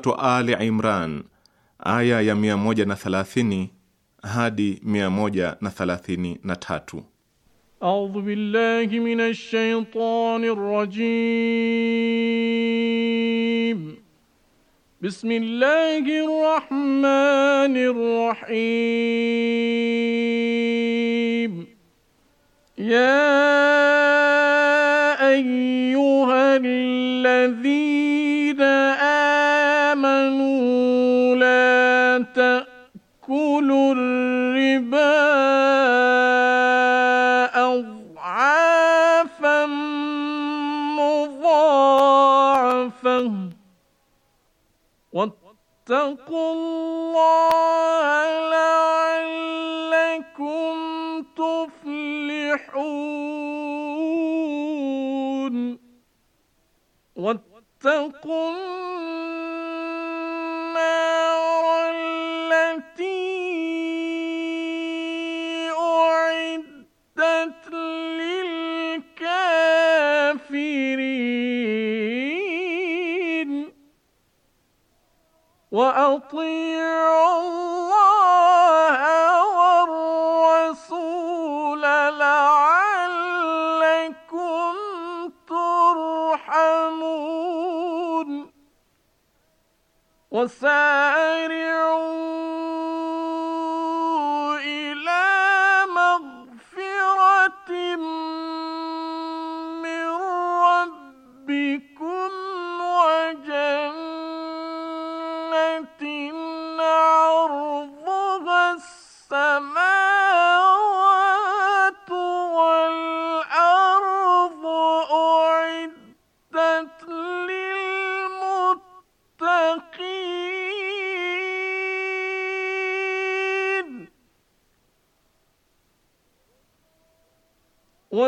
suratu Ali Imran aya ya 130 hadi 133. A'udhu billahi minash shaitani rajim. Bismillahir rahmanir rahim. Ya واتقوا الله لعلكم تفلحون واتقوا الله والرسول لعلكم ترحمون وسارعوا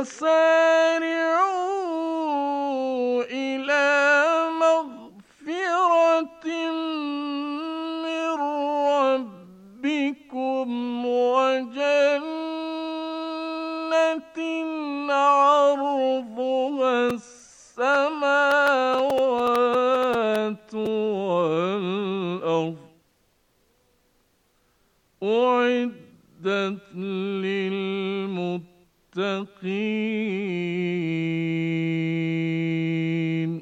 وسارعوا إلى مغفرة من ربكم وجنة عرضها السماوات والأرض أعدت للمتقين المتقين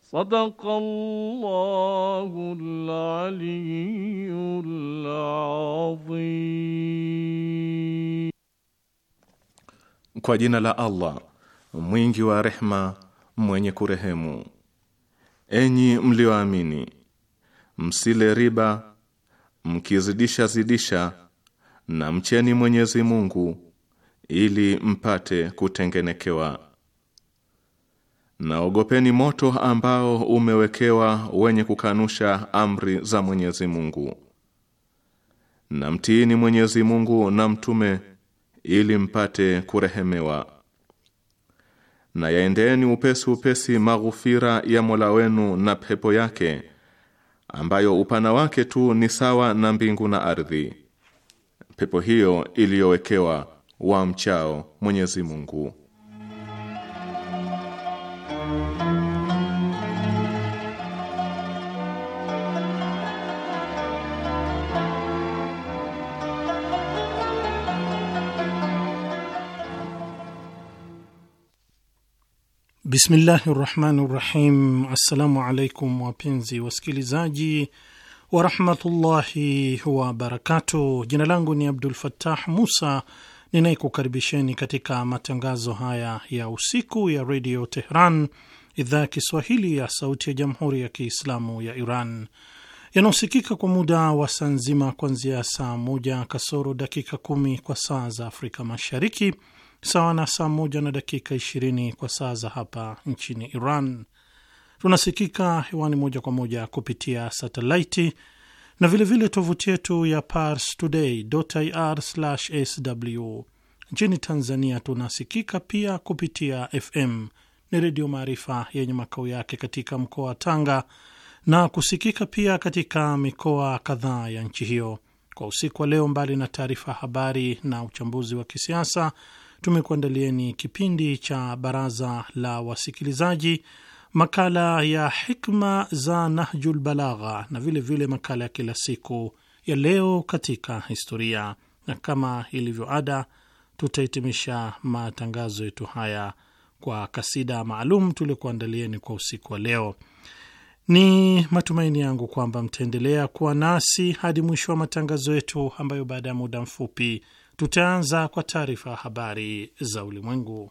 صدق الله العلي العظيم Kwa jina la Allah mwingi wa rehma mwenye kurehemu. Enyi mlioamini, msile riba mkizidisha zidisha, na mcheni Mwenyezi Mungu ili mpate kutengenekewa. Naogopeni moto ambao umewekewa wenye kukanusha amri za Mwenyezi Mungu. Na mtiini Mwenyezi Mungu na mtume ili mpate kurehemewa. Na yaendeeni upesi upesi maghufira ya Mola wenu na pepo yake ambayo upana wake tu ni sawa na mbingu na ardhi. Pepo hiyo iliyowekewa wa mchao Mwenyezi Mungu. Bismillahi rahmani rahim. Assalamu alaikum wapenzi wasikilizaji warahmatullahi wabarakatuh. Jina langu ni Abdul Fattah Musa ninayekukaribisheni katika matangazo haya ya usiku ya redio Tehran, idhaa ya Kiswahili ya sauti ya jamhuri ya Kiislamu ya Iran, yanaosikika kwa muda wa saa nzima kuanzia saa moja kasoro dakika kumi kwa saa za Afrika Mashariki, sawa na saa moja na dakika ishirini kwa saa za hapa nchini Iran. Tunasikika hewani moja kwa moja kupitia satelaiti na vilevile tovuti yetu ya Pars Today ir sw. Nchini Tanzania tunasikika pia kupitia FM ni Redio Maarifa yenye makao yake katika mkoa wa Tanga na kusikika pia katika mikoa kadhaa ya nchi hiyo. Kwa usiku wa leo, mbali na taarifa habari na uchambuzi wa kisiasa, tumekuandalieni kipindi cha Baraza la Wasikilizaji makala ya hikma za Nahjul Balagha na vilevile vile makala ya kila siku ya leo katika historia, na kama ilivyo ada tutahitimisha matangazo yetu haya kwa kasida maalum tuliokuandalieni kwa usiku wa leo. Ni matumaini yangu kwamba mtaendelea kuwa nasi hadi mwisho wa matangazo yetu, ambayo baada ya muda mfupi tutaanza kwa taarifa ya habari za ulimwengu.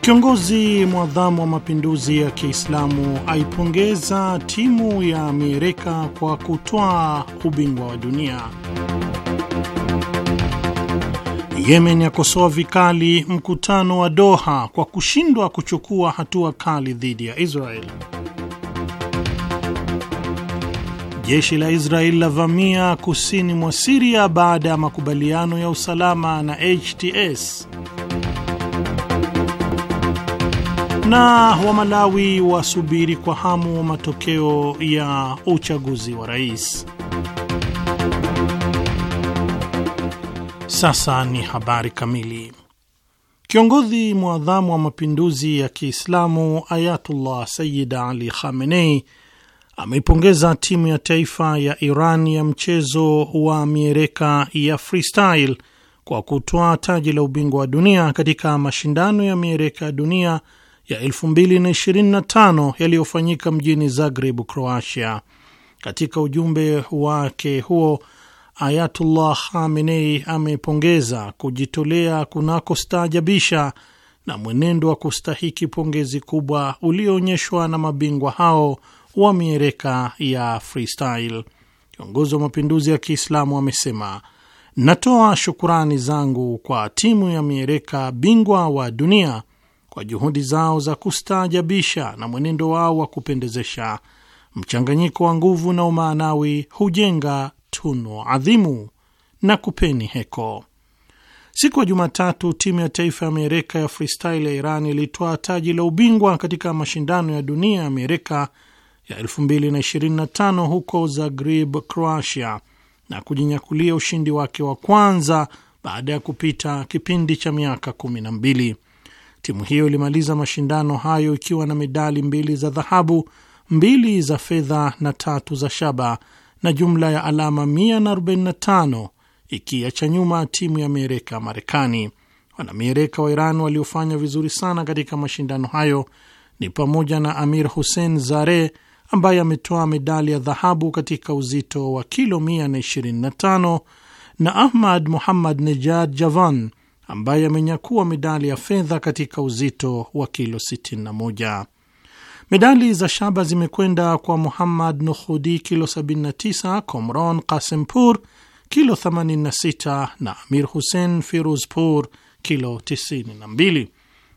Kiongozi mwadhamu wa mapinduzi ya Kiislamu aipongeza timu ya Amerika kwa kutwaa ubingwa wa dunia. Yemen yakosoa vikali mkutano wa Doha kwa kushindwa kuchukua hatua kali dhidi ya Israel. Jeshi la Israel lavamia kusini mwa Siria baada ya makubaliano ya usalama na HTS. na Malawi wasubiri kwa hamu matokeo ya uchaguzi wa rais. Sasa ni habari kamili. Kiongozi mwadhamu wa mapinduzi ya Kiislamu Ayatullah Sayyid Ali Khamenei ameipongeza timu ya taifa ya Iran ya mchezo wa miereka ya freestyle kwa kutoa taji la ubingwa wa dunia katika mashindano ya miereka ya dunia ya 2025 yaliyofanyika mjini Zagreb, Croatia. Katika ujumbe wake huo, Ayatullah Khamenei amepongeza kujitolea kunakostaajabisha na mwenendo wa kustahiki pongezi kubwa ulioonyeshwa na mabingwa hao wa miereka ya freestyle. Kiongozi wa mapinduzi ya Kiislamu amesema, natoa shukurani zangu kwa timu ya miereka bingwa wa dunia kwa juhudi zao za kustaajabisha na mwenendo wao wa kupendezesha. Mchanganyiko wa nguvu na umaanawi hujenga tunu adhimu na kupeni heko. Siku ya Jumatatu, timu ya taifa ya miereka ya freestyle ya Iran ilitoa taji la ubingwa katika mashindano ya dunia ya miereka ya 2025 huko Zagreb, Croatia, na kujinyakulia ushindi wake wa kwanza baada ya kupita kipindi cha miaka 12. Timu hiyo ilimaliza mashindano hayo ikiwa na medali mbili za dhahabu, mbili za fedha na tatu za shaba na jumla ya alama 145 ikiacha nyuma timu ya mieleka Marekani. Wanamiereka wa Iran waliofanya vizuri sana katika mashindano hayo ni pamoja na Amir Hussein Zare ambaye ametoa medali ya dhahabu katika uzito wa kilo 125 na Ahmad Muhammad Nejad Javan ambaye amenyakua medali ya fedha katika uzito wa kilo 61. Medali za shaba zimekwenda kwa Muhammad Nuhudi kilo 79, Komron Kasempur kilo 86 na Amir Hussein Firuzpur kilo 92.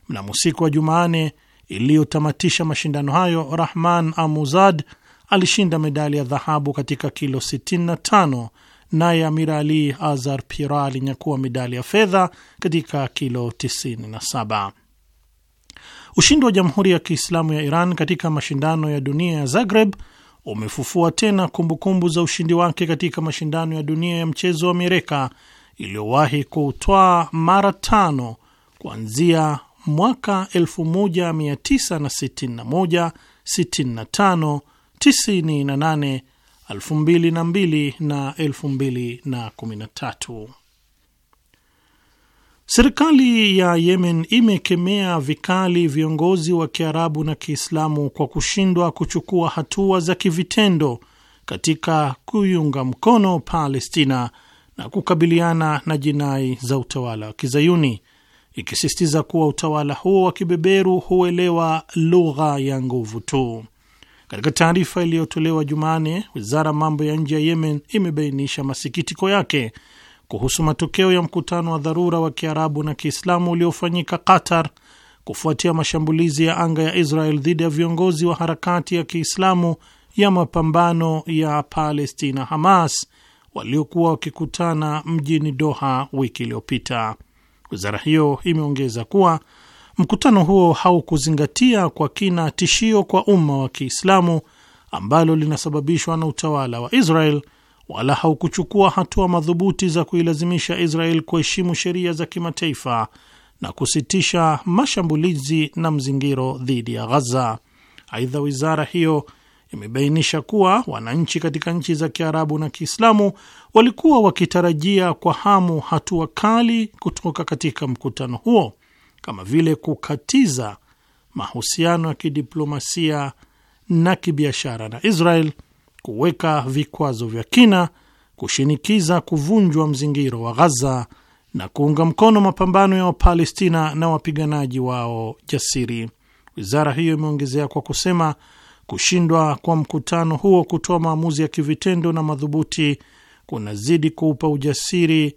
Mnamo siku wa Jumane iliyotamatisha mashindano hayo, Rahman Amuzad alishinda medali ya dhahabu katika kilo 65 naye Amir Ali Azar Pira alinyakua medali ya fedha katika kilo 97. Ushindi wa Jamhuri ya Kiislamu ya Iran katika mashindano ya dunia ya Zagreb umefufua tena kumbukumbu kumbu za ushindi wake katika mashindano ya dunia ya mchezo wa mereka iliyowahi kutwaa mara tano kuanzia mwaka 1961, 65, 98 2002 na 2013. Serikali ya Yemen imekemea vikali viongozi wa Kiarabu na Kiislamu kwa kushindwa kuchukua hatua za kivitendo katika kuiunga mkono Palestina na kukabiliana na jinai za utawala wa Kizayuni, ikisisitiza kuwa utawala huo wa kibeberu huelewa lugha ya nguvu tu. Katika taarifa iliyotolewa Jumanne, wizara ya mambo ya nje ya Yemen imebainisha masikitiko yake kuhusu matokeo ya mkutano wa dharura wa Kiarabu na Kiislamu uliofanyika Qatar kufuatia mashambulizi ya anga ya Israel dhidi ya viongozi wa harakati ya Kiislamu ya mapambano ya Palestina Hamas waliokuwa wakikutana mjini Doha wiki iliyopita. Wizara hiyo imeongeza kuwa Mkutano huo haukuzingatia kwa kina tishio kwa umma wa Kiislamu ambalo linasababishwa na utawala wa Israel wala haukuchukua hatua madhubuti za kuilazimisha Israel kuheshimu sheria za kimataifa na kusitisha mashambulizi na mzingiro dhidi ya Ghaza. Aidha, wizara hiyo imebainisha kuwa wananchi katika nchi za Kiarabu na Kiislamu walikuwa wakitarajia kwa hamu hatua kali kutoka katika mkutano huo kama vile kukatiza mahusiano ya kidiplomasia na kibiashara na Israel, kuweka vikwazo vya kina, kushinikiza kuvunjwa mzingiro wa Ghaza na kuunga mkono mapambano ya Wapalestina na wapiganaji wao jasiri. Wizara hiyo imeongezea kwa kusema kushindwa kwa mkutano huo kutoa maamuzi ya kivitendo na madhubuti kunazidi kuupa ujasiri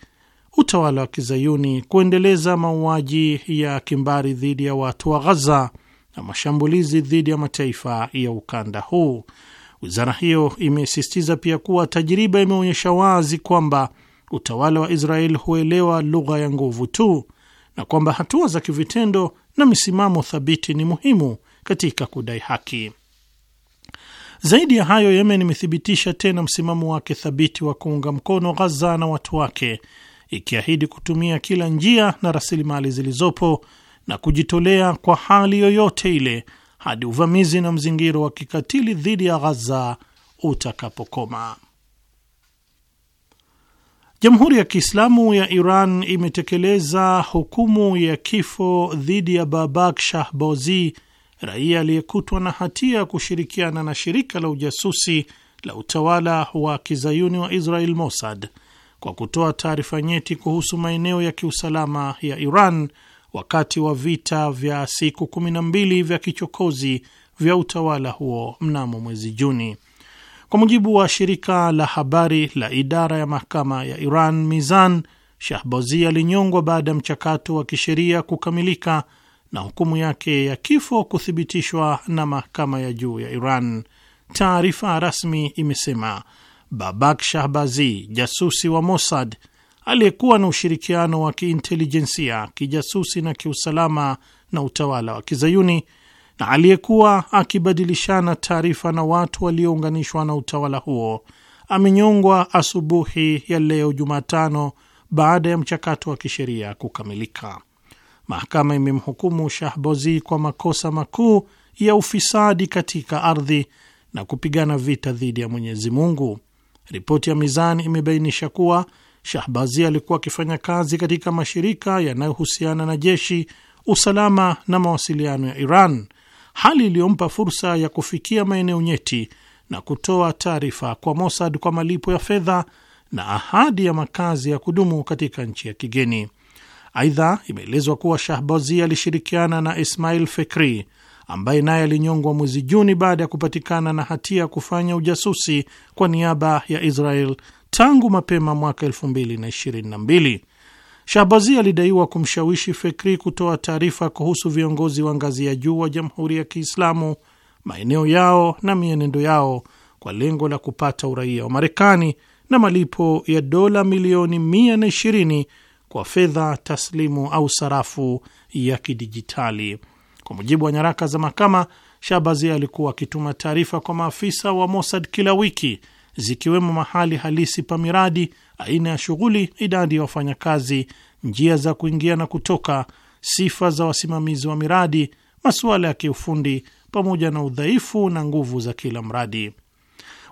utawala wa kizayuni kuendeleza mauaji ya kimbari dhidi ya watu wa Ghaza na mashambulizi dhidi ya mataifa ya ukanda huu. Wizara hiyo imesisitiza pia kuwa tajiriba imeonyesha wazi kwamba utawala wa Israel huelewa lugha ya nguvu tu na kwamba hatua za kivitendo na misimamo thabiti ni muhimu katika kudai haki. Zaidi ya hayo, Yemen imethibitisha tena msimamo wake thabiti wa kuunga mkono Ghaza na watu wake ikiahidi kutumia kila njia na rasilimali zilizopo na kujitolea kwa hali yoyote ile hadi uvamizi na mzingiro wa kikatili dhidi ya Ghaza utakapokoma. Jamhuri ya Kiislamu ya Iran imetekeleza hukumu ya kifo dhidi ya Babak Shahbozi, raia aliyekutwa na hatia ya kushirikiana na shirika la ujasusi la utawala wa kizayuni wa Israel Mossad kwa kutoa taarifa nyeti kuhusu maeneo ya kiusalama ya Iran wakati wa vita vya siku 12 vya kichokozi vya utawala huo mnamo mwezi Juni. Kwa mujibu wa shirika la habari la idara ya mahakama ya Iran, Mizan, Shahbazi alinyongwa baada ya mchakato wa kisheria kukamilika na hukumu yake ya kifo kuthibitishwa na mahakama ya juu ya Iran. Taarifa rasmi imesema Babak Shahbazi, jasusi wa Mossad aliyekuwa na ushirikiano wa kiintelijensia, kijasusi na kiusalama na utawala wa Kizayuni na aliyekuwa akibadilishana taarifa na watu waliounganishwa na utawala huo amenyongwa asubuhi ya leo Jumatano baada ya mchakato wa kisheria kukamilika. Mahakama imemhukumu Shahbozi kwa makosa makuu ya ufisadi katika ardhi na kupigana vita dhidi ya Mwenyezi Mungu. Ripoti ya Mizani imebainisha kuwa Shahbazi alikuwa akifanya kazi katika mashirika yanayohusiana na jeshi, usalama na mawasiliano ya Iran, hali iliyompa fursa ya kufikia maeneo nyeti na kutoa taarifa kwa Mossad kwa malipo ya fedha na ahadi ya makazi ya kudumu katika nchi ya kigeni. Aidha, imeelezwa kuwa Shahbazi alishirikiana na Ismail Fekri, ambaye naye alinyongwa mwezi Juni baada ya kupatikana na hatia ya kufanya ujasusi kwa niaba ya Israel tangu mapema mwaka 2022. Shahbazi alidaiwa kumshawishi Fekri kutoa taarifa kuhusu viongozi wa ngazi ya juu wa Jamhuri ya Kiislamu, maeneo yao na mienendo yao kwa lengo la kupata uraia wa Marekani na malipo ya dola milioni 120 kwa fedha taslimu au sarafu ya kidijitali. Kwa mujibu wa nyaraka za mahakama, Shabazi alikuwa akituma taarifa kwa maafisa wa Mossad kila wiki, zikiwemo mahali halisi pa miradi, aina ya shughuli, idadi ya wafanyakazi, njia za kuingia na kutoka, sifa za wasimamizi wa miradi, masuala ya kiufundi, pamoja na udhaifu na nguvu za kila mradi.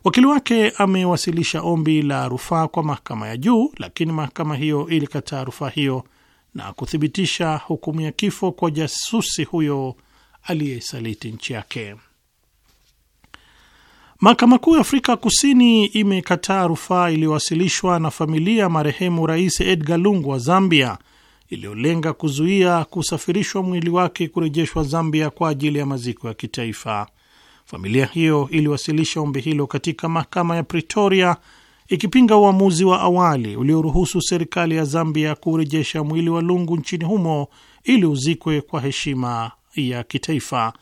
Wakili wake amewasilisha ombi la rufaa kwa mahakama ya juu, lakini mahakama hiyo ilikataa rufaa hiyo na kuthibitisha hukumu ya kifo kwa jasusi huyo aliyesaliti nchi yake. Mahakama Kuu ya Afrika Kusini imekataa rufaa iliyowasilishwa na familia marehemu Rais Edgar Lungu wa Zambia iliyolenga kuzuia kusafirishwa mwili wake kurejeshwa Zambia kwa ajili ya maziko ya kitaifa. Familia hiyo iliwasilisha ombi hilo katika mahakama ya Pretoria ikipinga uamuzi wa awali ulioruhusu serikali ya Zambia kurejesha mwili wa Lungu nchini humo ili uzikwe kwa heshima ya kitaifa.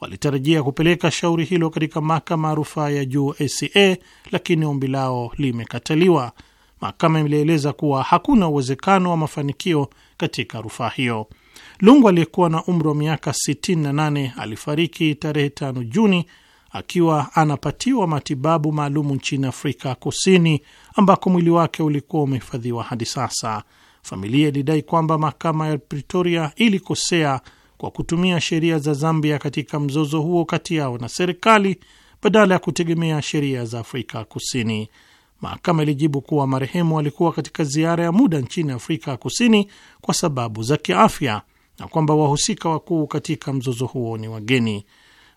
Walitarajia kupeleka shauri hilo katika mahakama ya rufaa ya juu ACA, lakini ombi lao limekataliwa. Mahakama ilieleza kuwa hakuna uwezekano wa mafanikio katika rufaa hiyo. Lungu aliyekuwa na umri wa miaka 68 alifariki tarehe 5 Juni akiwa anapatiwa matibabu maalumu nchini Afrika Kusini ambako mwili wake ulikuwa umehifadhiwa hadi sasa. Familia ilidai kwamba mahakama ya Pretoria ilikosea kwa kutumia sheria za Zambia katika mzozo huo kati yao na serikali badala ya kutegemea sheria za Afrika Kusini. Mahakama ilijibu kuwa marehemu alikuwa katika ziara ya muda nchini Afrika Kusini kwa sababu za kiafya na kwamba wahusika wakuu katika mzozo huo ni wageni.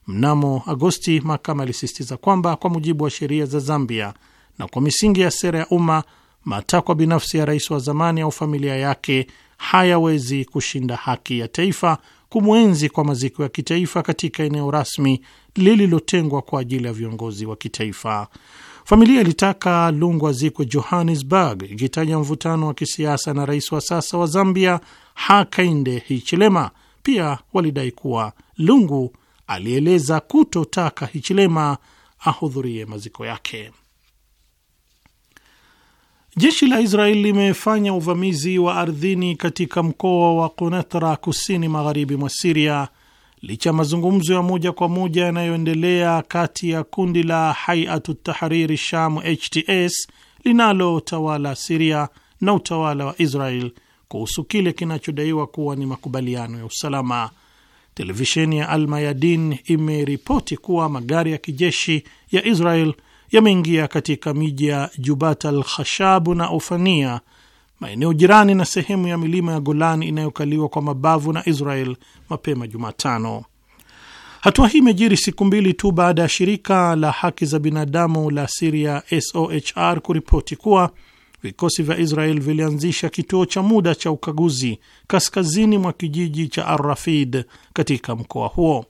Mnamo Agosti, mahakama ilisisitiza kwamba kwa mujibu wa sheria za Zambia na kwa misingi ya sera ya umma, matakwa binafsi ya rais wa zamani au familia yake hayawezi kushinda haki ya taifa kumwenzi kwa maziko ya kitaifa katika eneo rasmi lililotengwa kwa ajili ya viongozi wa kitaifa. Familia ilitaka Lungu azikwe Johannesburg, ikitaja mvutano wa kisiasa na rais wa sasa wa Zambia Hakainde Hichilema. Pia walidai kuwa Lungu alieleza kutotaka Hichilema ahudhurie maziko yake. Jeshi la Israeli limefanya uvamizi wa ardhini katika mkoa wa Konetra kusini magharibi mwa Siria licha ya mazungumzo ya moja kwa moja yanayoendelea kati ya kundi la Haiatu Tahariri Sham HTS linalotawala Siria na utawala wa Israel kuhusu kile kinachodaiwa kuwa ni makubaliano ya usalama televisheni ya Almayadin imeripoti kuwa magari ya kijeshi ya Israel yameingia katika miji ya Jubat al Khashabu na Ofania, maeneo jirani na sehemu ya milima ya Golan inayokaliwa kwa mabavu na Israel mapema Jumatano. Hatua hii imejiri siku mbili tu baada ya shirika la haki za binadamu la Siria SOHR kuripoti kuwa vikosi vya Israel vilianzisha kituo cha muda cha ukaguzi kaskazini mwa kijiji cha Arrafid katika mkoa huo.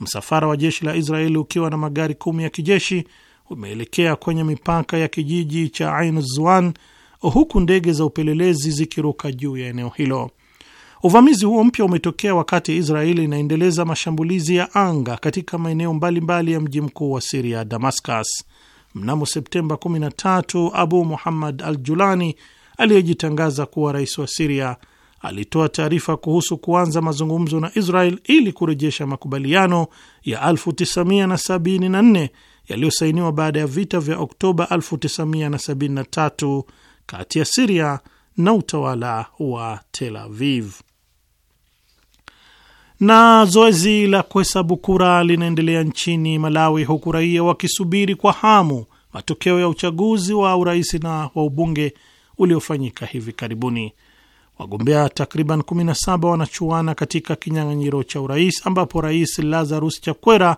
Msafara wa jeshi la Israel ukiwa na magari kumi ya kijeshi umeelekea kwenye mipaka ya kijiji cha Ain Zuan, huku ndege za upelelezi zikiruka juu ya eneo hilo. Uvamizi huo mpya umetokea wakati Israeli inaendeleza mashambulizi ya anga katika maeneo mbalimbali ya mji mkuu wa Siria, Damascus. Mnamo Septemba 13 Abu Muhammad al Julani aliyejitangaza kuwa rais wa Siria alitoa taarifa kuhusu kuanza mazungumzo na Israel ili kurejesha makubaliano ya 1974 yaliyosainiwa baada ya vita vya Oktoba 1973 kati ya Siria na utawala wa Tel Aviv. Na zoezi la kuhesabu kura linaendelea nchini Malawi, huku raia wakisubiri kwa hamu matokeo ya uchaguzi wa urais na wa ubunge uliofanyika hivi karibuni. Wagombea takriban 17 wanachuana katika kinyang'anyiro cha urais ambapo Rais Lazarus Chakwera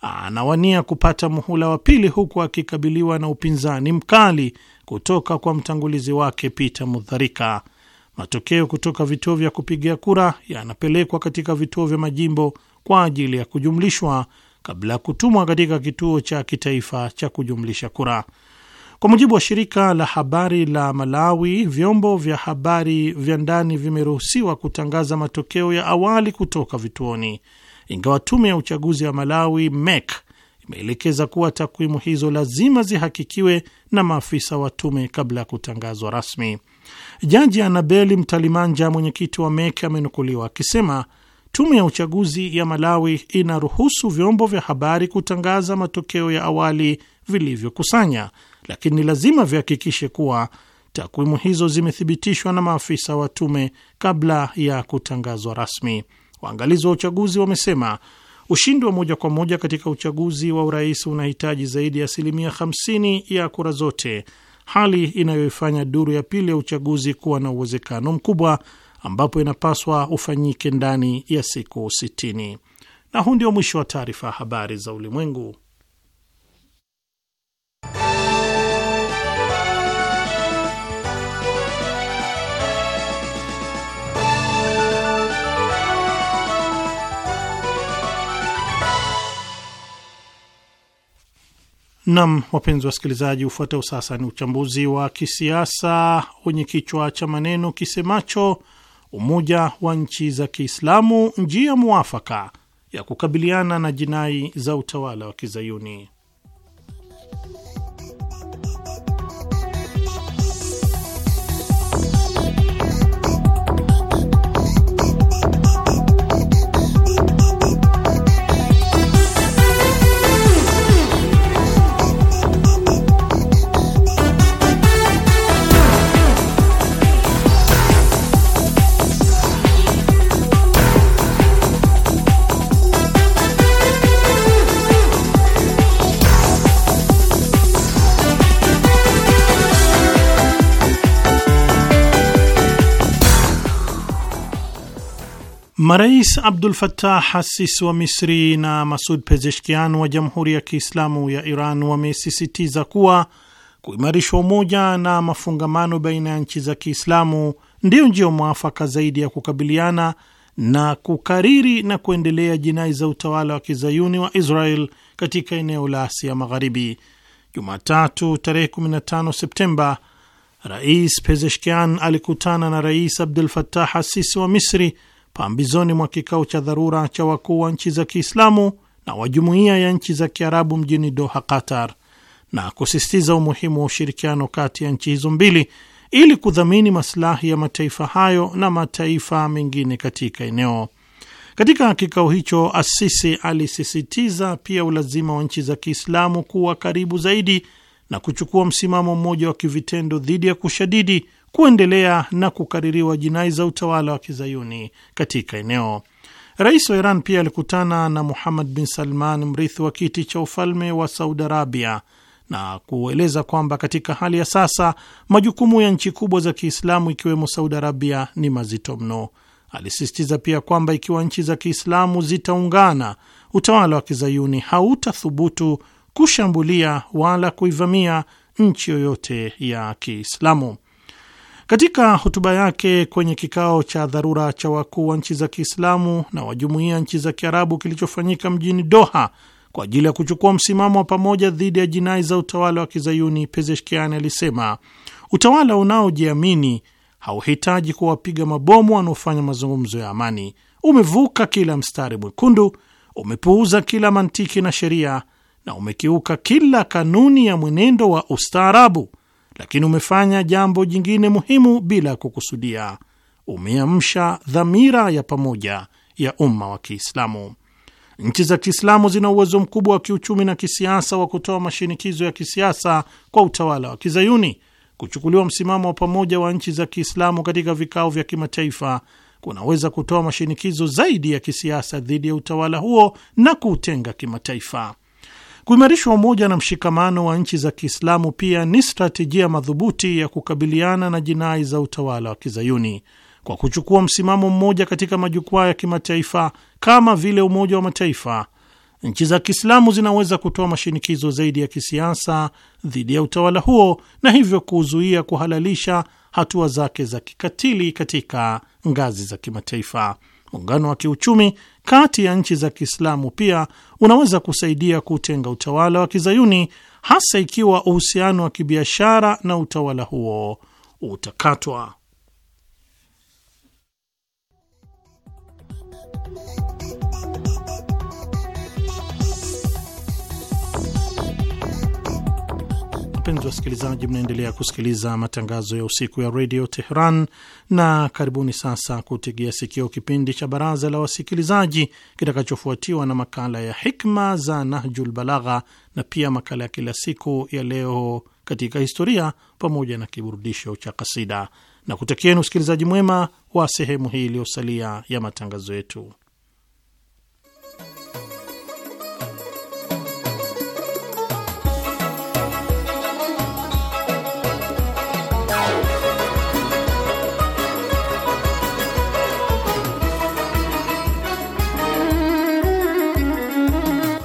anawania kupata muhula wa pili huku akikabiliwa na upinzani mkali kutoka kwa mtangulizi wake Peter Mutharika matokeo kutoka vituo vya kupigia kura yanapelekwa katika vituo vya majimbo kwa ajili ya kujumlishwa kabla ya kutumwa katika kituo cha kitaifa cha kujumlisha kura. Kwa mujibu wa shirika la habari la Malawi, vyombo vya habari vya ndani vimeruhusiwa kutangaza matokeo ya awali kutoka vituoni, ingawa tume ya uchaguzi wa Malawi MEC imeelekeza kuwa takwimu hizo lazima zihakikiwe na maafisa wa tume kabla ya kutangazwa rasmi. Jaji Anabeli Mtalimanja, mwenyekiti wa Meki, amenukuliwa akisema tume ya uchaguzi ya Malawi inaruhusu vyombo vya habari kutangaza matokeo ya awali vilivyokusanya, lakini lazima vihakikishe kuwa takwimu hizo zimethibitishwa na maafisa wa tume kabla ya kutangazwa rasmi. Waangalizi wa uchaguzi wamesema ushindi wa moja kwa moja katika uchaguzi wa urais unahitaji zaidi ya asilimia 50 ya kura zote hali inayoifanya duru ya pili ya uchaguzi kuwa na uwezekano mkubwa, ambapo inapaswa ufanyike ndani ya siku sitini. Na huu ndio mwisho wa taarifa ya habari za ulimwengu. Nam, wapenzi wasikilizaji, ufuatao sasa ni uchambuzi wa kisiasa wenye kichwa cha maneno kisemacho umoja wa nchi za Kiislamu, njia mwafaka ya kukabiliana na jinai za utawala wa Kizayuni. Marais Abdul fatah Hasis wa Misri na Masud Pezeshkian wa Jamhuri ya Kiislamu ya Iran wamesisitiza kuwa kuimarishwa umoja na mafungamano baina ya nchi za Kiislamu ndiyo njia mwafaka zaidi ya kukabiliana na kukariri na kuendelea jinai za utawala wa kizayuni wa Israel katika eneo la Asia Magharibi. Jumatatu tarehe 15 Septemba, Rais Pezeshkian alikutana na Rais Abdul fatah Hasisi wa Misri pambizoni mwa kikao cha dharura cha wakuu wa nchi za Kiislamu na wa jumuiya ya nchi za Kiarabu mjini Doha, Qatar, na kusisitiza umuhimu wa ushirikiano kati ya nchi hizo mbili ili kudhamini masilahi ya mataifa hayo na mataifa mengine katika eneo. Katika kikao hicho, Asisi alisisitiza pia ulazima wa nchi za Kiislamu kuwa karibu zaidi na kuchukua msimamo mmoja wa kivitendo dhidi ya kushadidi kuendelea na kukaririwa jinai za utawala wa kizayuni katika eneo. Rais wa Iran pia alikutana na Muhammad bin Salman, mrithi wa kiti cha ufalme wa Saudi Arabia, na kueleza kwamba katika hali ya sasa majukumu ya nchi kubwa za Kiislamu ikiwemo Saudi Arabia ni mazito mno. Alisisitiza pia kwamba ikiwa nchi za Kiislamu zitaungana, utawala wa kizayuni hautathubutu kushambulia wala kuivamia nchi yoyote ya Kiislamu. Katika hotuba yake kwenye kikao cha dharura cha wakuu wa nchi za Kiislamu na wa jumuiya nchi za Kiarabu kilichofanyika mjini Doha kwa ajili ya kuchukua msimamo wa pamoja dhidi ya jinai za utawala wa Kizayuni, Pezeshkian alisema utawala unaojiamini hauhitaji kuwapiga mabomu wanaofanya mazungumzo ya amani. Umevuka kila mstari mwekundu, umepuuza kila mantiki na sheria, na umekiuka kila kanuni ya mwenendo wa ustaarabu lakini umefanya jambo jingine muhimu bila ya kukusudia: umeamsha dhamira ya pamoja ya umma wa Kiislamu. Nchi za Kiislamu zina uwezo mkubwa wa kiuchumi na kisiasa wa kutoa mashinikizo ya kisiasa kwa utawala wa Kizayuni. Kuchukuliwa msimamo wa pamoja wa nchi za Kiislamu katika vikao vya kimataifa kunaweza kutoa mashinikizo zaidi ya kisiasa dhidi ya utawala huo na kuutenga kimataifa. Kuimarishwa umoja na mshikamano wa nchi za Kiislamu pia ni strategia madhubuti ya kukabiliana na jinai za utawala wa Kizayuni. Kwa kuchukua msimamo mmoja katika majukwaa ya kimataifa kama vile Umoja wa Mataifa, nchi za Kiislamu zinaweza kutoa mashinikizo zaidi ya kisiasa dhidi ya utawala huo na hivyo kuzuia kuhalalisha hatua zake za kikatili katika ngazi za kimataifa. Muungano wa kiuchumi kati ya nchi za Kiislamu pia unaweza kusaidia kutenga utawala wa kizayuni hasa ikiwa uhusiano wa kibiashara na utawala huo utakatwa. Wapenzi wasikilizaji, mnaendelea kusikiliza matangazo ya usiku ya redio Teheran na karibuni sasa kutegea sikio kipindi cha baraza la wasikilizaji kitakachofuatiwa na makala ya hikma za Nahjul Balagha na pia makala ya kila siku ya leo katika historia pamoja na kiburudisho cha kasida, na kutakieni usikilizaji mwema wa sehemu hii iliyosalia ya matangazo yetu.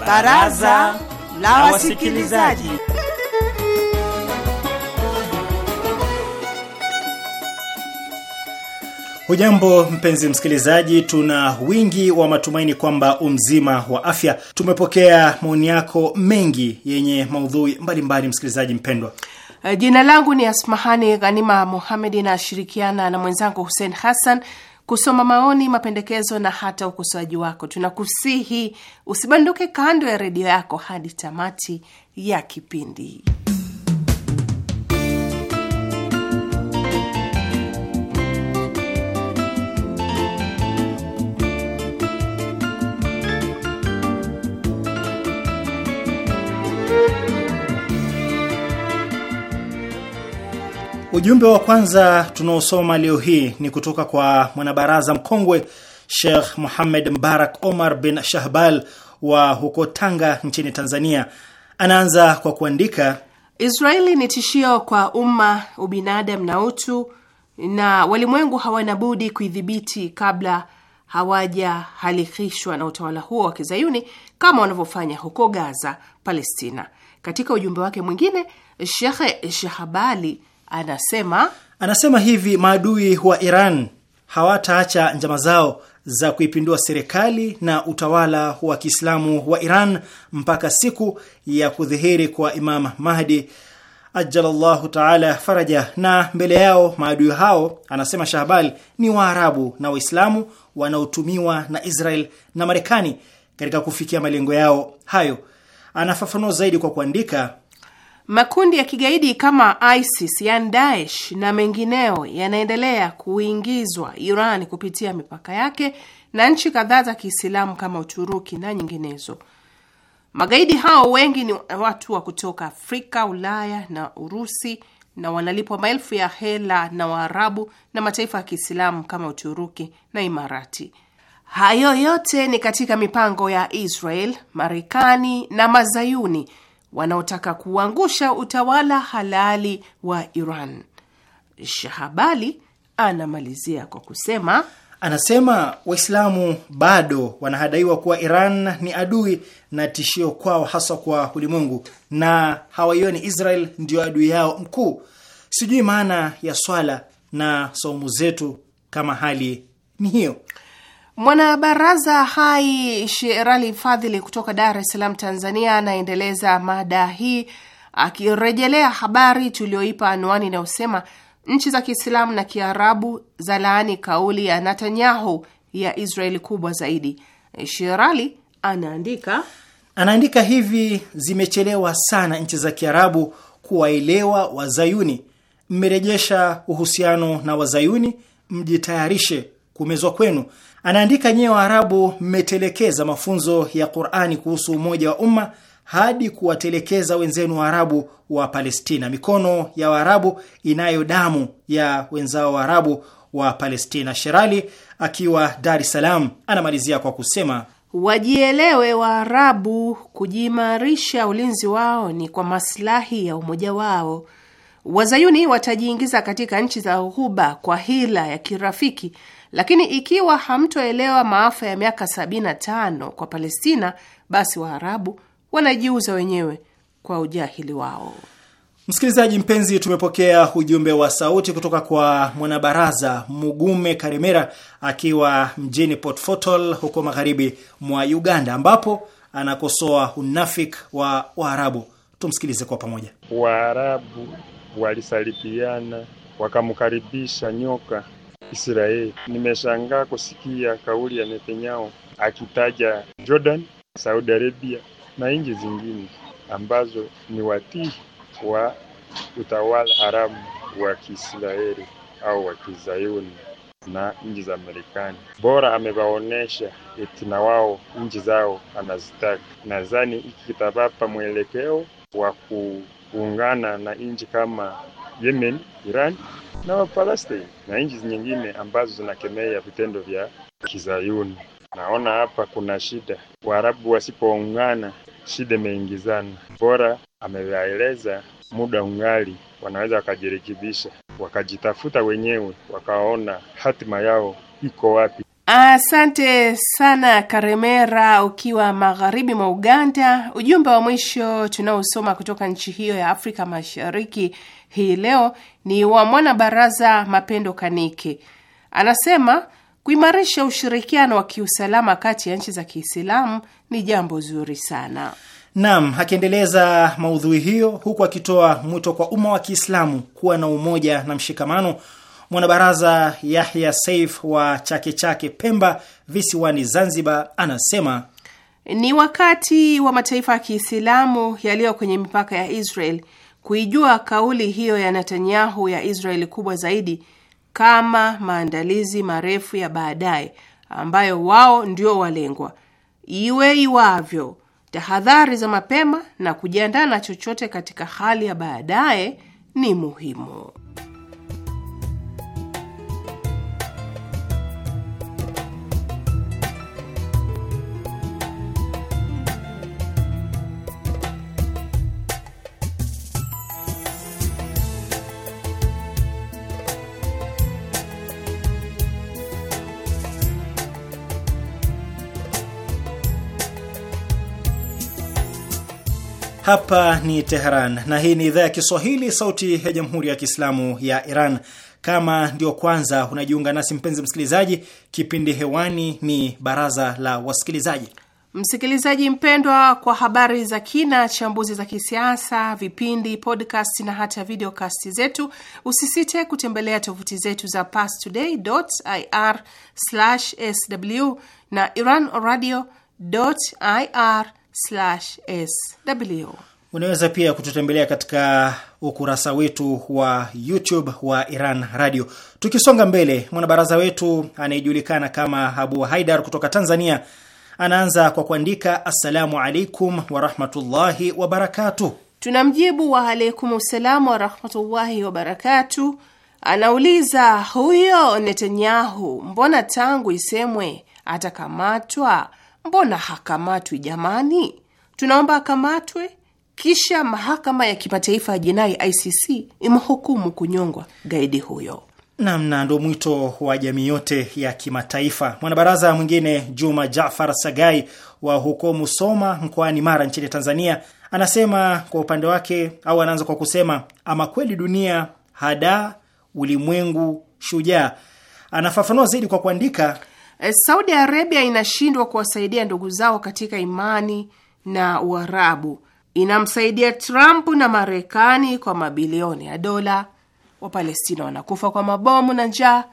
Baraza la Wasikilizaji. Hujambo mpenzi msikilizaji, tuna wingi wa matumaini kwamba umzima wa afya. Tumepokea maoni yako mengi yenye maudhui mbalimbali msikilizaji mpendwa. Eh, jina langu ni Asmahani Ghanima Muhamedi, nashirikiana na mwenzangu Hussein Hassan kusoma maoni, mapendekezo na hata ukosoaji wako. Tunakusihi usibanduke kando ya redio yako hadi tamati ya kipindi. Ujumbe wa kwanza tunaosoma leo hii ni kutoka kwa mwanabaraza mkongwe Sheikh Muhammad Mbarak Omar bin Shahbal wa huko Tanga nchini Tanzania. Anaanza kwa kuandika, Israeli ni tishio kwa umma, ubinadamu na utu, na walimwengu hawana budi kuidhibiti kabla hawajahalikishwa na utawala huo wa kizayuni kama wanavyofanya huko Gaza, Palestina. Katika ujumbe wake mwingine, Shekhe Shahabali Anasema anasema hivi, maadui wa Iran hawataacha njama zao za kuipindua serikali na utawala wa Kiislamu wa Iran mpaka siku ya kudhihiri kwa Imam Mahdi ajalallahu taala faraja. Na mbele yao maadui hao, anasema Shahbal, ni Waarabu na Waislamu wanaotumiwa na Israel na Marekani katika kufikia malengo yao hayo. Anafafanua zaidi kwa kuandika Makundi ya kigaidi kama ISIS yani Daesh na mengineo yanaendelea kuingizwa Iran kupitia mipaka yake na nchi kadhaa za Kiislamu kama Uturuki na nyinginezo. Magaidi hao wengi ni watu wa kutoka Afrika, Ulaya na Urusi na wanalipwa maelfu ya hela na Waarabu na mataifa ya Kiislamu kama Uturuki na Imarati. Hayo yote ni katika mipango ya Israel, Marekani na Mazayuni wanaotaka kuangusha utawala halali wa Iran. Shahabali anamalizia kwa kusema, anasema Waislamu bado wanahadaiwa kuwa Iran ni adui na tishio kwao, haswa kwa ulimwengu, na hawaioni Israel ndiyo adui yao mkuu. Sijui maana ya swala na saumu zetu kama hali ni hiyo. Mwanabaraza hai Sherali Fadhili kutoka Dar es Salaam, Tanzania, anaendeleza mada hii akirejelea habari tuliyoipa anwani inayosema nchi za Kiislamu na Kiarabu za laani kauli ya Netanyahu ya Israeli kubwa zaidi. Sherali anaandika anaandika hivi: zimechelewa sana nchi za Kiarabu kuwaelewa Wazayuni. Mmerejesha uhusiano na Wazayuni, mjitayarishe kumezwa kwenu. Anaandika, nyewe Waarabu mmetelekeza mafunzo ya Qur'ani kuhusu umoja wa umma hadi kuwatelekeza wenzenu Waarabu wa Palestina. Mikono ya Waarabu inayo damu ya wenzao Waarabu wa Palestina. Sherali akiwa Dar es Salaam anamalizia kwa kusema wajielewe Waarabu, kujiimarisha ulinzi wao ni kwa maslahi ya umoja wao. Wazayuni watajiingiza katika nchi za Ghuba kwa hila ya kirafiki lakini ikiwa hamtoelewa maafa ya miaka 75 kwa Palestina, basi Waarabu wanajiuza wenyewe kwa ujahili wao. Msikilizaji mpenzi, tumepokea ujumbe wa sauti kutoka kwa mwanabaraza Mugume Karemera akiwa mjini Port huko magharibi mwa Uganda, ambapo anakosoa unafik wa Waarabu. Tumsikilize kwa pamoja. Waarabu walisalipiana, wakamkaribisha nyoka Israeli. Nimeshangaa kusikia kauli ya Netanyahu akitaja Jordan, Saudi Arabia na nchi zingine ambazo ni watii wa utawala haramu wa Kiisraeli au wa Kizayuni na nchi za Marekani. Bora amewaonesha eti na wao nchi zao anazitaka. Nadhani hiki kitawapa mwelekeo wa kuungana na nchi kama Yemen, Iran na Wapalestina na nchi nyingine ambazo zinakemea vitendo vya kizayuni. Naona hapa kuna shida, Waarabu wasipoungana shida imeingizana. Bora amewaeleza muda ungali, wanaweza wakajirekebisha, wakajitafuta wenyewe, wakaona hatima yao iko wapi. Asante sana Karemera, ukiwa magharibi mwa Uganda. Ujumbe wa mwisho tunaosoma kutoka nchi hiyo ya Afrika Mashariki hii leo ni wa mwanabaraza Mapendo Kaniki. Anasema kuimarisha ushirikiano wa kiusalama kati ya nchi za Kiislamu ni jambo zuri sana. Naam, akiendeleza maudhui hiyo huku akitoa mwito kwa umma wa Kiislamu kuwa na umoja na mshikamano, mwanabaraza Yahya Saif wa Chake Chake, Pemba visiwani Zanzibar, anasema ni wakati wa mataifa ya Kiislamu yaliyo kwenye mipaka ya Israel kuijua kauli hiyo ya Netanyahu ya Israeli kubwa zaidi kama maandalizi marefu ya baadaye ambayo wao ndio walengwa. Iwe iwavyo, tahadhari za mapema na kujiandaa na chochote katika hali ya baadaye ni muhimu. Hapa ni Teheran na hii ni idhaa ya Kiswahili, sauti ya jamhuri ya kiislamu ya Iran. Kama ndio kwanza unajiunga nasi, mpenzi msikilizaji, kipindi hewani ni baraza la wasikilizaji. Msikilizaji mpendwa, kwa habari za kina, chambuzi za kisiasa, vipindi, podcast na hata videocast zetu, usisite kutembelea tovuti zetu za pastoday.ir/sw na iranradio.ir sw. Unaweza pia kututembelea katika ukurasa wetu wa YouTube wa Iran Radio. Tukisonga mbele, mwanabaraza wetu anayejulikana kama Abu Haidar kutoka Tanzania anaanza kwa kuandika assalamu alaikum warahmatullahi wabarakatu. Tunamjibu wa alaikum salam warahmatullahi wabarakatu. Anauliza, huyo Netanyahu mbona tangu isemwe atakamatwa mbona hakamatwi jamani? Tunaomba akamatwe, kisha mahakama ya kimataifa ya jinai ICC imhukumu kunyongwa gaidi huyo. Namna ndo mwito wa jamii yote ya kimataifa. Mwanabaraza mwingine Juma Jafar Sagai wa huko Musoma mkoani Mara nchini Tanzania anasema kwa upande wake, au anaanza kwa kusema ama kweli dunia hadaa, ulimwengu shujaa. Anafafanua zaidi kwa kuandika Eh, Saudi Arabia inashindwa kuwasaidia ndugu zao katika imani na Uarabu, inamsaidia Trump na Marekani kwa mabilioni ya dola. Wapalestina wanakufa kwa mabomu na njaa.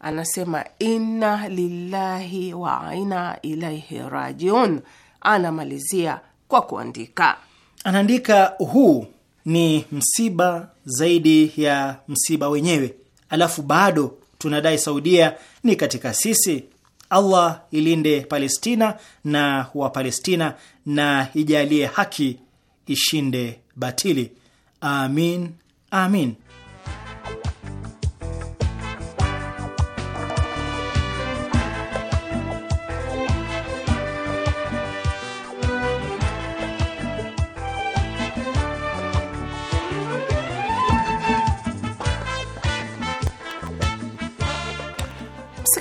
Anasema inna lillahi wa inna ilaihi rajiun. Anamalizia kwa kuandika, anaandika huu ni msiba zaidi ya msiba wenyewe, alafu bado tunadai Saudia ni katika sisi Allah ilinde Palestina na wa palestina na ijalie haki ishinde batili. Amin, amin.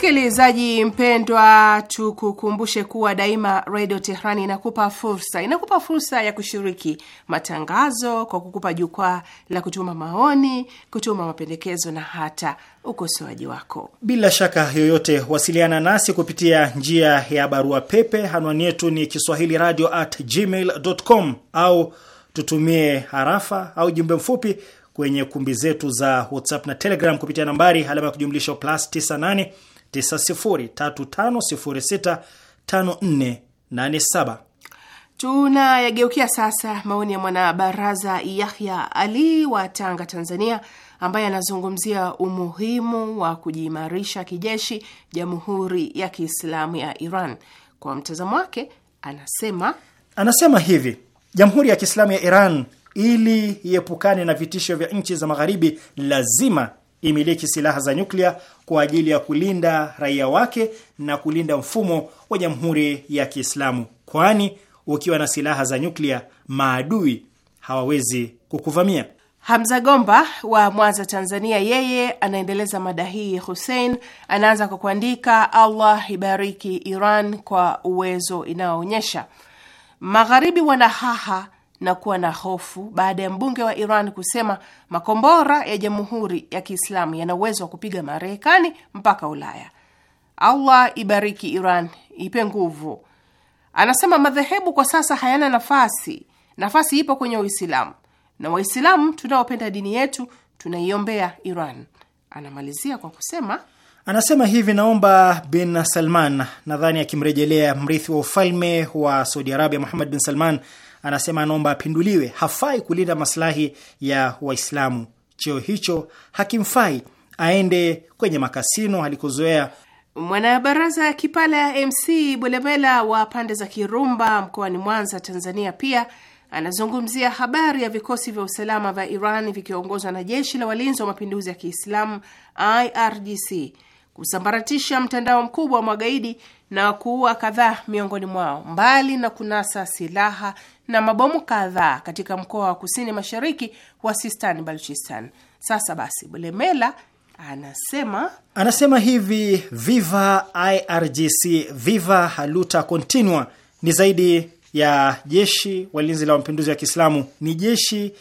Msikilizaji mpendwa, tukukumbushe kuwa daima Redio Tehrani inakupa fursa inakupa fursa ya kushiriki matangazo kwa kukupa jukwaa la kutuma maoni, kutuma mapendekezo na hata ukosoaji wako. Bila shaka yoyote, wasiliana nasi kupitia njia ya barua pepe. Anwani yetu ni kiswahili radio at gmail com, au tutumie harafa au jumbe mfupi kwenye kumbi zetu za WhatsApp na Telegram kupitia nambari alama ya kujumlisha plus 98 Tunayageukia sasa maoni ya mwanabaraza Yahya Ali wa Tanga, Tanzania, ambaye anazungumzia umuhimu wa kujiimarisha kijeshi Jamhuri ya Kiislamu ya Iran. Kwa mtazamo wake, anasema anasema hivi: Jamhuri ya Kiislamu ya Iran ili iepukane na vitisho vya nchi za Magharibi lazima imiliki silaha za nyuklia kwa ajili ya kulinda raia wake na kulinda mfumo wa Jamhuri ya Kiislamu, kwani ukiwa na silaha za nyuklia maadui hawawezi kukuvamia. Hamza Gomba wa Mwanza, Tanzania, yeye anaendeleza mada hii. Hussein anaanza kwa kuandika, Allah ibariki Iran kwa uwezo inayoonyesha. Magharibi wanahaha na kuwa na hofu baada ya mbunge wa Iran kusema makombora ya Jamhuri ya Kiislamu yana uwezo wa kupiga Marekani mpaka Ulaya. Allah ibariki Iran, ipe nguvu. Anasema madhehebu kwa sasa hayana nafasi, nafasi ipo kwenye Uislamu na Waislamu tunaopenda dini yetu tunaiombea Iran. Anamalizia kwa kusema anasema hivi, naomba bin Salman, nadhani akimrejelea mrithi wa ufalme wa Saudi Arabia Muhammad bin Salman anasema anaomba apinduliwe, hafai kulinda maslahi ya Waislamu, cheo hicho hakimfai, aende kwenye makasino alikozoea. Mwanabaraza kipala ya MC Bulemela wa pande za Kirumba mkoani Mwanza, Tanzania, pia anazungumzia habari ya vikosi vya usalama vya Iran vikiongozwa na jeshi la walinzi wa mapinduzi ya Kiislamu, IRGC kusambaratisha mtandao mkubwa wa magaidi na kuua kadhaa miongoni mwao, mbali na kunasa silaha na mabomu kadhaa katika mkoa wa kusini mashariki wa Sistan Baluchistan. Sasa basi, Bulemela anasema anasema hivi: viva IRGC, viva haluta continua. Ni zaidi ya jeshi walinzi la mapinduzi ya Kiislamu, ni jeshi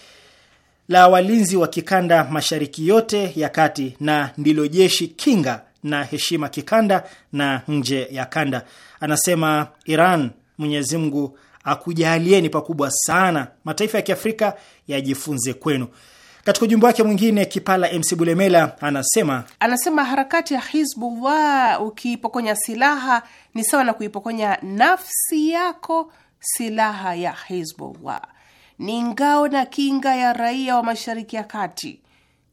la walinzi wa kikanda mashariki yote ya kati, na ndilo jeshi kinga na heshima kikanda na nje ya kanda. Anasema, Iran, Mwenyezi Mungu akujalieni pakubwa sana, mataifa ya Kiafrika yajifunze kwenu. Katika ujumbe wake mwingine Kipala MC Bulemela anasema anasema harakati ya Hizbullah ukiipokonya silaha ni sawa na kuipokonya nafsi yako. Silaha ya Hizbullah ni ngao na kinga ya raia wa Mashariki ya Kati.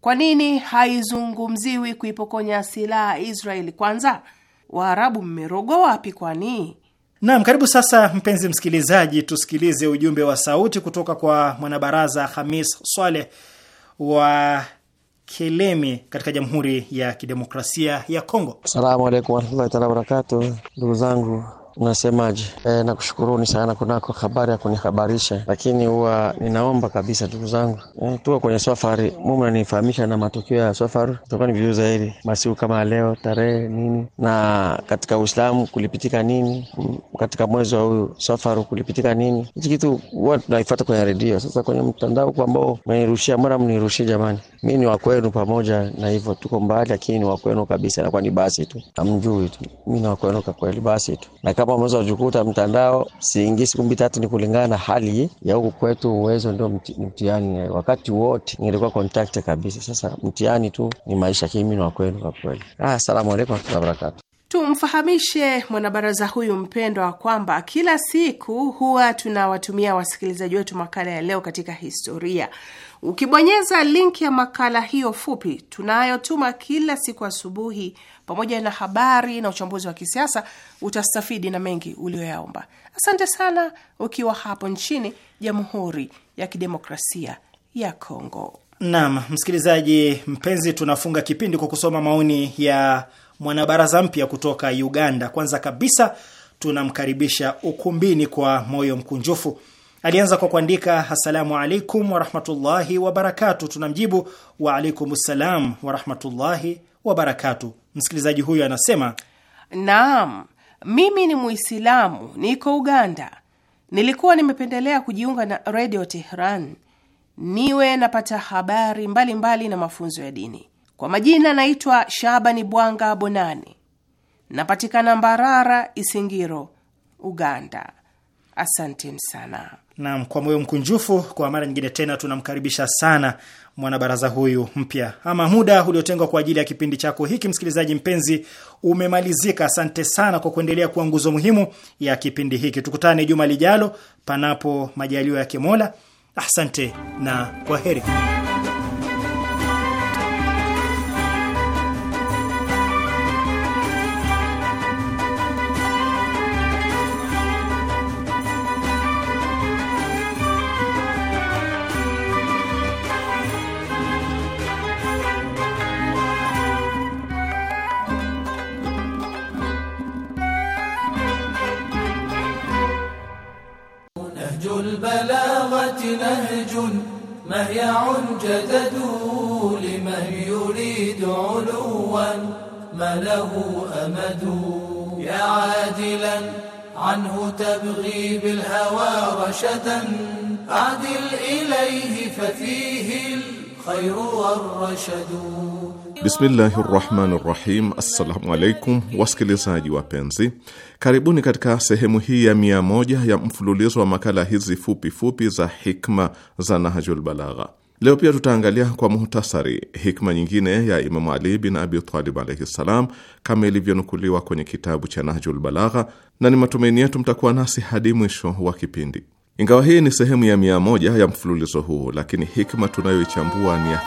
Kwa nini haizungumziwi kuipokonya silaha Israeli kwanza? Waarabu mmerogo wapi kwani? nam karibu sasa mpenzi msikilizaji, tusikilize ujumbe wa sauti kutoka kwa mwanabaraza Hamis Swaleh wa Kelemi katika Jamhuri ya Kidemokrasia ya Kongo. Asalamu alaikum warahmatullahi taala wabarakatu, ndugu zangu Unasemaje? E, nakushukuruni sana kunako habari ya kunihabarisha, lakini huwa ninaomba kabisa ndugu zangu e, tuko kwenye safari, mume mnanifahamisha na matukio ya safari, tutakuwa ni vizuri zaidi masiku kama leo tarehe nini, na katika Uislamu kulipitika nini, katika mwezi wa huyu safari kulipitika nini. Hichi kitu huwa tunaifuata kwenye redio, sasa kwenye mtandao kwa ambao mnirushia, mara mnirushie jamani? mimi ni wakwenu pamoja na hivyo, tuko mbali lakini ni wakwenu kabisa, nakuwa ni basi tu, amjui tu, mimi ni wakwenu kwa kweli, basi tu na kama unaweza kujikuta mtandao siingi siku mbili tatu, ni kulingana na hali ya huku kwetu. Uwezo ndio mtihani wakati wote nilikuwa kontakte kabisa. Sasa mtihani tu ni maisha kimi na kwenu kwa kweli. Ah, asalamu alaykum warahmatullahi wabarakatuh. Tumfahamishe mwanabaraza huyu mpendwa kwamba kila siku huwa tunawatumia wasikilizaji wetu makala ya leo katika historia. Ukibonyeza linki ya makala hiyo fupi tunayotuma kila siku asubuhi pamoja na habari na uchambuzi wa kisiasa utastafidi na mengi ulioyaomba. Asante sana ukiwa hapo nchini Jamhuri ya Kidemokrasia ya Kongo. Naam, msikilizaji mpenzi, tunafunga kipindi kwa kusoma maoni ya mwanabaraza mpya kutoka Uganda. Kwanza kabisa tunamkaribisha ukumbini kwa moyo mkunjufu. Alianza kwa kuandika assalamu alaikum warahmatullahi wabarakatu. Tunamjibu waalaikum ssalam warahmatullahi wabarakatu. Msikilizaji huyu anasema, naam, mimi ni Muislamu, niko Uganda. Nilikuwa nimependelea kujiunga na redio Tehran niwe napata habari mbalimbali mbali na mafunzo ya dini. Kwa majina naitwa Shabani Bwanga Bonani, napatikana Mbarara, Isingiro, Uganda. Asanteni sana. Naam, kwa moyo mkunjufu kwa mara nyingine tena tunamkaribisha sana mwanabaraza huyu mpya. Ama muda uliotengwa kwa ajili ya kipindi chako hiki, msikilizaji mpenzi, umemalizika. Asante sana kwa kuendelea kuwa nguzo muhimu ya kipindi hiki. Tukutane juma lijalo, panapo majaliwa yake Mola. Asante na kwa heri. جدد لمن يريد علوا ما له أمد يا عادلا عنه تبغي بالهوى رشدا أعدل إليه ففيه الخير والرشد Bismillahi rahmani rahim. Assalamu alaikum wasikilizaji wapenzi, karibuni katika sehemu hii ya mia moja ya mfululizo wa makala hizi fupi fupi za hikma za Nahjul Balagha. Leo pia tutaangalia kwa muhtasari hikma nyingine ya Imamu Ali bin Abi Talib alaihi ssalam, kama ilivyonukuliwa kwenye kitabu cha Nahjul Balagha, na ni matumaini yetu mtakuwa nasi hadi mwisho wa kipindi. Ingawa hii ni sehemu ya mia moja ya mfululizo huu, lakini hikma tunayoichambua ni ya 89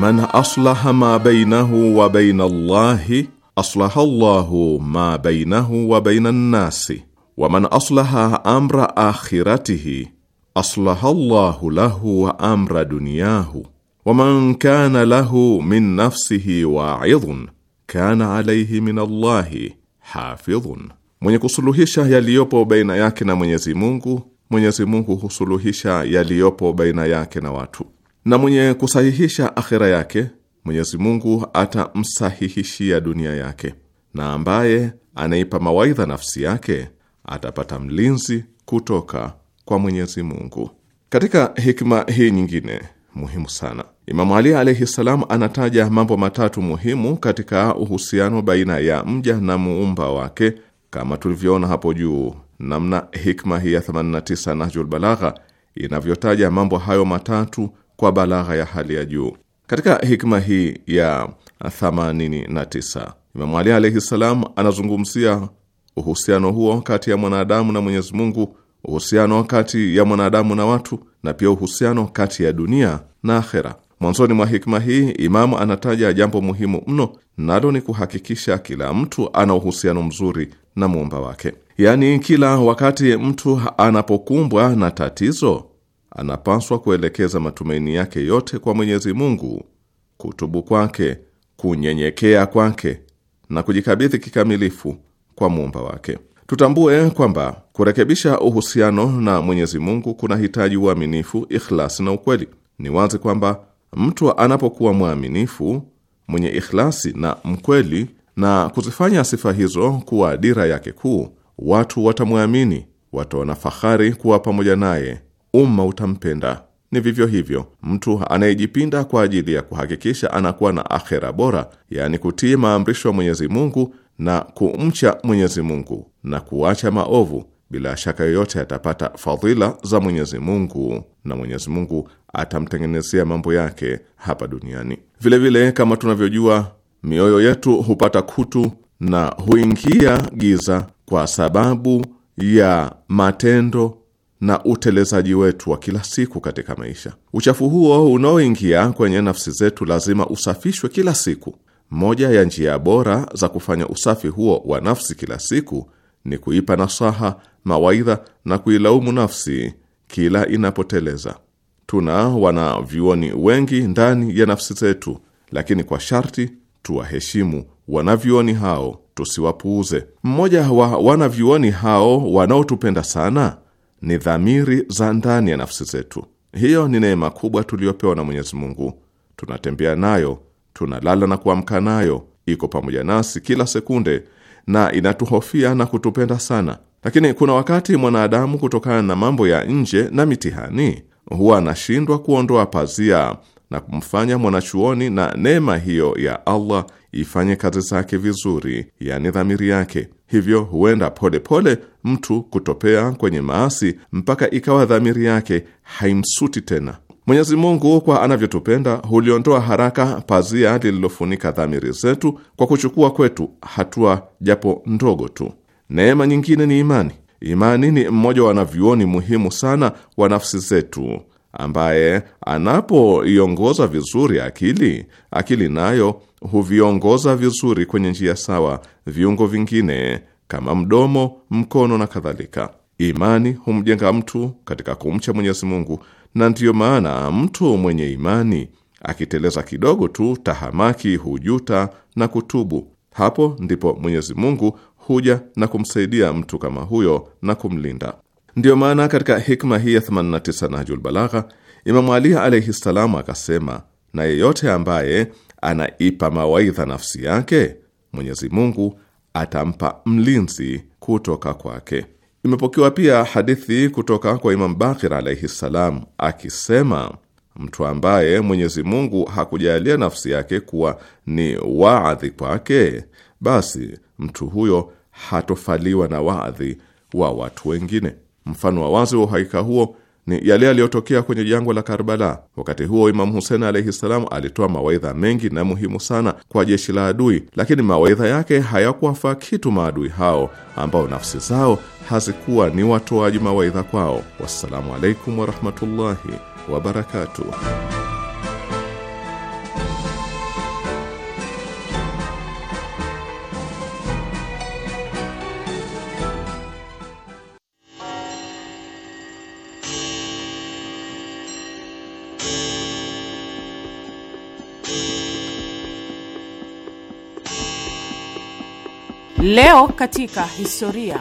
Man aslaha ma bainahu wa baina llahi aslaha llahu ma bainahu wa baina nnasi waman aslaha amra akhiratihi aslaha Allahu lahu wa amra dunyahu man kana lahu min nafsihi waidhun kana alayhi min Allahi hafidhun, mwenye kusuluhisha yaliyopo baina yake na Mwenyezi Mungu, Mwenyezi Mungu husuluhisha yaliyopo baina yake na watu, na mwenye kusahihisha akhira yake, Mwenyezi Mungu atamsahihishia dunia yake, na ambaye anaipa mawaidha nafsi yake atapata mlinzi kutoka kwa Mwenyezi Mungu. Katika hikma hii nyingine muhimu sana, Imamu Ali alaihi salam anataja mambo matatu muhimu katika uhusiano baina ya mja na muumba wake, kama tulivyoona hapo juu namna hikma hii ya 89 Nahjul Balagha inavyotaja mambo hayo matatu kwa balagha ya hali ya juu. Katika hikma hii ya 89 Imamu Ali alaihi ssalam anazungumzia uhusiano huo kati ya mwanadamu na Mwenyezi Mungu, uhusiano kati ya mwanadamu na watu, na pia uhusiano kati ya dunia na akhera. Mwanzoni mwa hikma hii Imamu anataja jambo muhimu mno, nalo ni kuhakikisha kila mtu ana uhusiano mzuri na muumba wake. Yaani, kila wakati mtu anapokumbwa na tatizo, anapaswa kuelekeza matumaini yake yote kwa Mwenyezi Mungu, kutubu kwake, kunyenyekea kwake na kujikabidhi kikamilifu kwa muumba wake. Tutambue kwamba kurekebisha uhusiano na Mwenyezi Mungu hitaji uaminifu, ikhlasi na ukweli. Ni wazi kwamba mtu anapokuwa mwaminifu, mwenye ikhlasi na mkweli na kuzifanya sifa hizo kuwa dira yake kuu, watu watamwamini, wataona fahari kuwa pamoja naye, umma utampenda. Ni vivyo hivyo mtu anayejipinda kwa ajili ya kuhakikisha anakuwa na akhera bora, yaani kutii maamrisho ya Mwenyezi Mungu na kumcha Mwenyezi Mungu na kuacha maovu, bila shaka yoyote atapata fadhila za Mwenyezi Mungu na Mwenyezi Mungu atamtengenezea mambo yake hapa duniani. Vilevile vile, kama tunavyojua mioyo yetu hupata kutu na huingia giza kwa sababu ya matendo na utelezaji wetu wa kila siku katika maisha. Uchafu huo unaoingia kwenye nafsi zetu lazima usafishwe kila siku, moja ya njia bora za kufanya usafi huo wa nafsi kila siku ni kuipa nasaha, mawaidha na kuilaumu nafsi kila inapoteleza. Tuna wanavyuoni wengi ndani ya nafsi zetu, lakini kwa sharti tuwaheshimu wanavyuoni hao, tusiwapuuze. Mmoja wa wanavyuoni hao wanaotupenda sana ni dhamiri za ndani ya nafsi zetu. Hiyo ni neema kubwa tuliyopewa na Mwenyezi Mungu, tunatembea nayo tunalala na kuamka nayo, iko pamoja nasi kila sekunde na inatuhofia na kutupenda sana. Lakini kuna wakati mwanadamu, kutokana na mambo ya nje na mitihani, huwa anashindwa kuondoa pazia na kumfanya mwanachuoni na neema hiyo ya Allah ifanye kazi zake vizuri, yani dhamiri yake. Hivyo huenda polepole pole mtu kutopea kwenye maasi mpaka ikawa dhamiri yake haimsuti tena. Mwenyezi Mungu kwa anavyotupenda huliondoa haraka pazia lililofunika dhamiri zetu kwa kuchukua kwetu hatua japo ndogo tu. Neema nyingine ni imani. Imani ni mmoja wa wanavyuoni muhimu sana wa nafsi zetu, ambaye anapoiongoza vizuri akili, akili nayo huviongoza vizuri kwenye njia sawa viungo vingine kama mdomo, mkono na kadhalika. Imani humjenga mtu katika kumcha Mwenyezi Mungu na ndiyo maana mtu mwenye imani akiteleza kidogo tu tahamaki hujuta na kutubu. Hapo ndipo Mwenyezi Mungu huja na kumsaidia mtu kama huyo na kumlinda. Ndiyo maana katika hikma hii ya 89 Nahjul Balagha, Imamu Ali alaihi ssalamu akasema, na yeyote ambaye anaipa mawaidha nafsi yake Mwenyezi Mungu atampa mlinzi kutoka kwake. Imepokewa pia hadithi kutoka kwa Imam Bakir alaihi ssalam akisema, mtu ambaye Mwenyezi Mungu hakujalia nafsi yake kuwa ni waadhi kwake, basi mtu huyo hatofaliwa na waadhi wa watu wengine. Mfano wa wazi wa uhakika huo ni yale yaliyotokea kwenye jangwa la Karbala. Wakati huo Imamu Husen alaihi ssalam alitoa mawaidha mengi na muhimu sana kwa jeshi la adui, lakini mawaidha yake hayakuwafaa kitu maadui hao ambao nafsi zao hazikuwa ni watoaji mawaidha kwao. Wassalamu alaikum warahmatullahi wabarakatuh. Leo katika historia.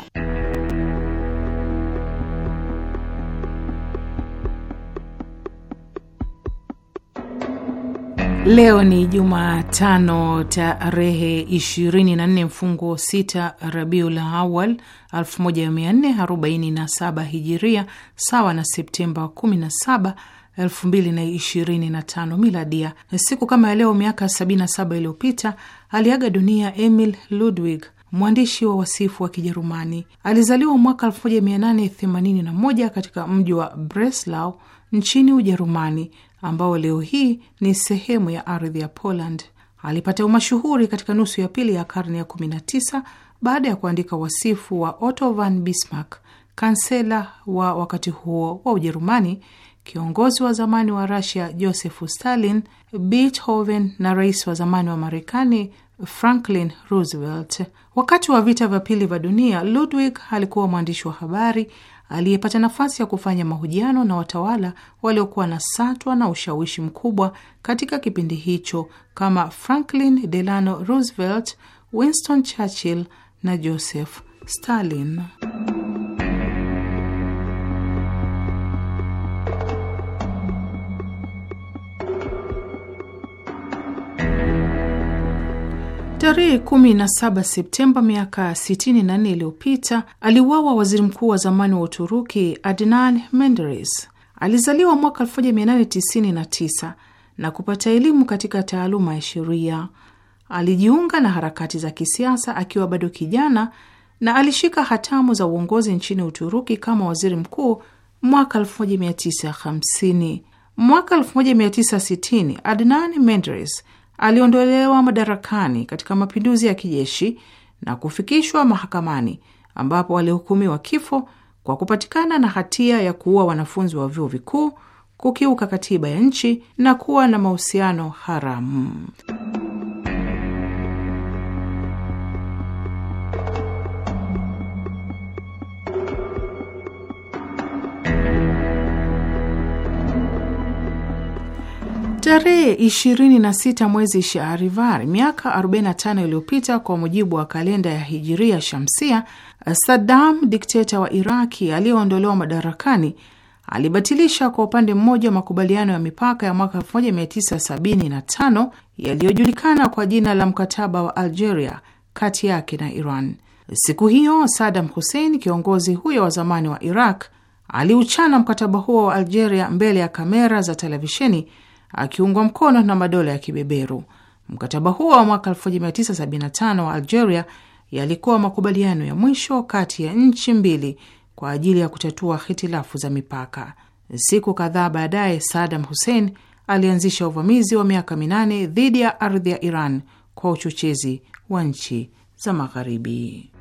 Leo ni Jumatano tarehe 24 mfungo 6 Rabiul Awal 1447 Hijiria, sawa na Septemba 17 2025 miladia. Siku kama ya leo miaka 77 iliyopita aliaga dunia Emil Ludwig mwandishi wa wasifu wa Kijerumani. Alizaliwa mwaka 1881 katika mji wa Breslau nchini Ujerumani, ambao leo hii ni sehemu ya ardhi ya Poland. Alipata umashuhuri katika nusu ya pili ya karne ya 19 baada ya kuandika wasifu wa Otto von Bismarck, kansela wa wakati huo wa Ujerumani, kiongozi wa zamani wa Russia Josefu Stalin, Beethoven na rais wa zamani wa Marekani Franklin Roosevelt. Wakati wa vita vya pili vya dunia, Ludwig alikuwa mwandishi wa habari aliyepata nafasi ya kufanya mahojiano na watawala waliokuwa na satwa na ushawishi mkubwa katika kipindi hicho kama Franklin Delano Roosevelt, Winston Churchill na Joseph Stalin. Tarehe 17 Septemba miaka 64 iliyopita aliuawa waziri mkuu wa zamani wa Uturuki Adnan Menderes. Alizaliwa mwaka 1899 na kupata elimu katika taaluma ya sheria. Alijiunga na harakati za kisiasa akiwa bado kijana na alishika hatamu za uongozi nchini Uturuki kama waziri mkuu mwaka 1950. Mwaka 1960 Adnan Menderes aliondolewa madarakani katika mapinduzi ya kijeshi na kufikishwa mahakamani ambapo alihukumiwa kifo kwa kupatikana na hatia ya kuua wanafunzi wa vyuo vikuu, kukiuka katiba ya nchi na kuwa na mahusiano haramu. Tarehe 26 mwezi Shaarivar, miaka 45 iliyopita kwa mujibu wa kalenda ya Hijiria Shamsia, Saddam dikteta wa Iraki aliyeondolewa madarakani alibatilisha kwa upande mmoja makubaliano ya mipaka ya mwaka 1975 yaliyojulikana kwa jina la mkataba wa Algeria kati yake na Iran. Siku hiyo Saddam Hussein, kiongozi huyo wa zamani wa Iraq, aliuchana mkataba huo wa Algeria mbele ya kamera za televisheni akiungwa mkono na madola ya kibeberu. Mkataba huo wa mwaka 1975 wa Algeria yalikuwa makubaliano ya mwisho kati ya nchi mbili kwa ajili ya kutatua hitilafu za mipaka. Siku kadhaa baadaye, Saddam Hussein alianzisha uvamizi wa miaka minane dhidi ya ardhi ya Iran kwa uchochezi wa nchi za Magharibi.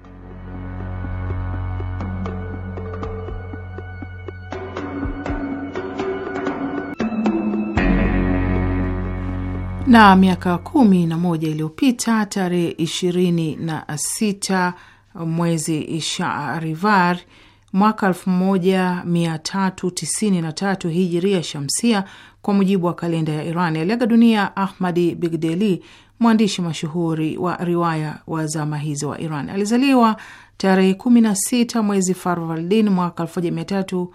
Na miaka kumi na moja iliyopita tarehe ishirini na sita mwezi Shahrivar mwaka tatu hijiria shamsia kwa mujibu wa kalenda ya Iran aliaga dunia Ahmadi Bigdeli, mwandishi mashuhuri wa riwaya wa zama hizo wa Iran. Alizaliwa tarehe sita mwezi Farvardin mwaka tatu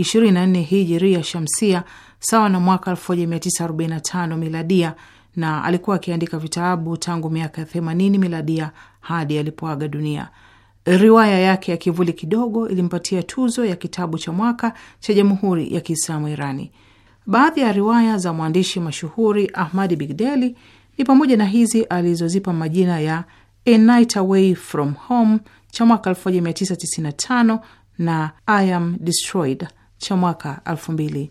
24 hijiria shamsia sawa na mwaka 1945 miladia, na alikuwa akiandika vitabu tangu miaka ya 80 miladia hadi alipoaga dunia. Riwaya yake ya Kivuli Kidogo ilimpatia tuzo ya kitabu cha mwaka cha Jamhuri ya Kiislamu Irani. Baadhi ya riwaya za mwandishi mashuhuri Ahmadi Bigdeli ni pamoja na hizi alizozipa majina ya A Night Away From Home cha mwaka 1995 na I Am Destroyed cha mwaka mbili